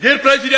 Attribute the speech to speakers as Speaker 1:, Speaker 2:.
Speaker 1: Dear President,